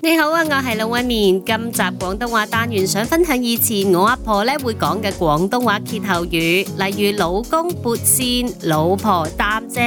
你好啊，我係龍紋敏。今集廣東話單元想分享以前我阿婆咧會講嘅廣東話歇後語，例如老公撥扇、老婆擔遮，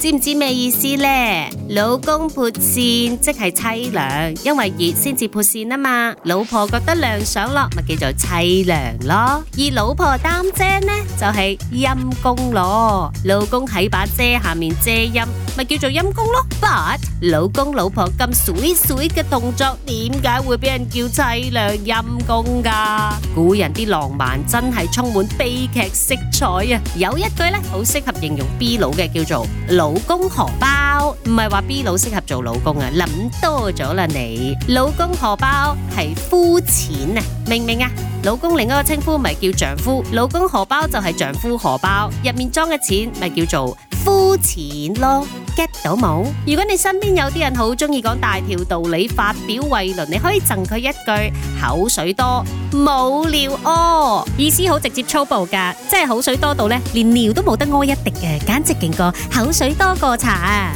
知唔知咩意思呢？「老公撥扇即係淒涼，因為熱先至撥扇啊嘛。老婆覺得涼爽咯，咪叫做淒涼咯。而老婆擔遮呢，就係陰公咯。老公喺把遮下面遮陰。咪叫做陰功咯，but 老公老婆咁 sweet sweet 嘅動作，點解會俾人叫凄涼陰功噶？古人啲浪漫真係充滿悲劇色彩啊！有一句咧好適合形容 B 佬嘅，叫做老公荷包，唔係話 B 佬適合做老公啊，諗多咗啦你。老公荷包係膚淺啊，明唔明啊？老公另一個稱呼咪叫丈夫，老公荷包就係丈夫荷包，入面裝嘅錢咪叫做。膚淺咯，get 到冇？如果你身邊有啲人好中意講大條道理、發表偉論，你可以贈佢一句：口水多，冇尿屙、哦。意思好直接粗暴噶，即係口水多到咧，連尿都冇得屙一滴嘅，簡直勁過口水多過茶。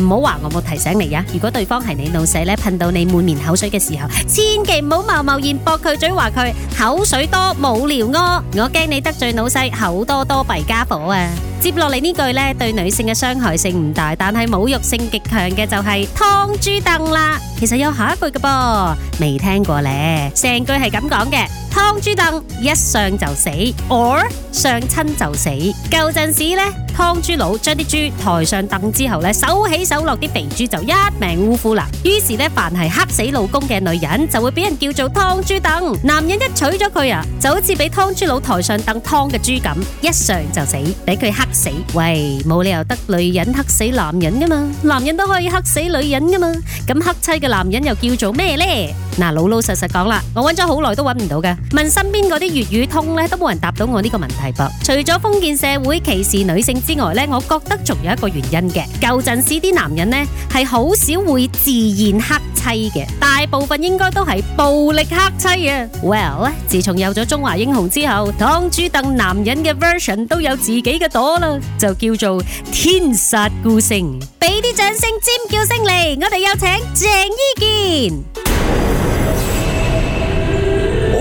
唔好話我冇提醒你啊！如果對方係你老細咧，噴到你滿面口水嘅時候，千祈唔好貿貿然駁佢嘴，話佢口水多冇聊屙、啊。我驚你得罪老細，口多多弊家伙啊！接落嚟呢句呢，對女性嘅傷害性唔大，但係侮辱性極強嘅就係㓥豬凳啦。其實有下一句嘅噃，未聽過咧，成句係咁講嘅。劏豬凳一上就死，or 上親就死。舊陣時呢，劏豬佬將啲豬抬上凳之後呢，手起手落，啲肥豬就一命嗚呼啦。於是呢，凡係克死老公嘅女人就會俾人叫做劏豬凳。男人一娶咗佢啊，就好似俾劏豬佬抬上凳劏嘅豬咁，一上就死，俾佢克，克死。喂，冇理由得女人克死男人㗎嘛，男人都可以克死女人㗎嘛。咁克妻嘅男人又叫做咩呢？嗱，老老實實講啦，我揾咗好耐都揾唔到嘅。問身邊嗰啲粵語通咧，都冇人答到我呢個問題噃。除咗封建社會歧視女性之外呢，我覺得仲有一個原因嘅。舊陣時啲男人呢，係好少會自然克妻嘅，大部分應該都係暴力克妻啊。Well，咧自從有咗中華英雄之後，劏豬登男人嘅 version 都有自己嘅朵啦，就叫做天煞孤星。俾啲掌聲尖叫聲嚟，我哋有請鄭伊健。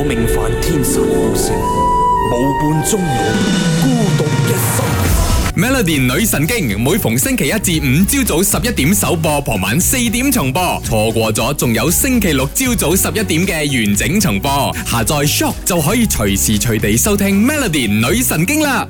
命犯天生孤星，冇伴終老，孤獨一生。Melody 女神經，每逢星期一至五朝早十一點首播，傍晚四點重播。錯過咗，仲有星期六朝早十一點嘅完整重播。下載 Shock 就可以隨時隨地收聽 Melody 女神經啦。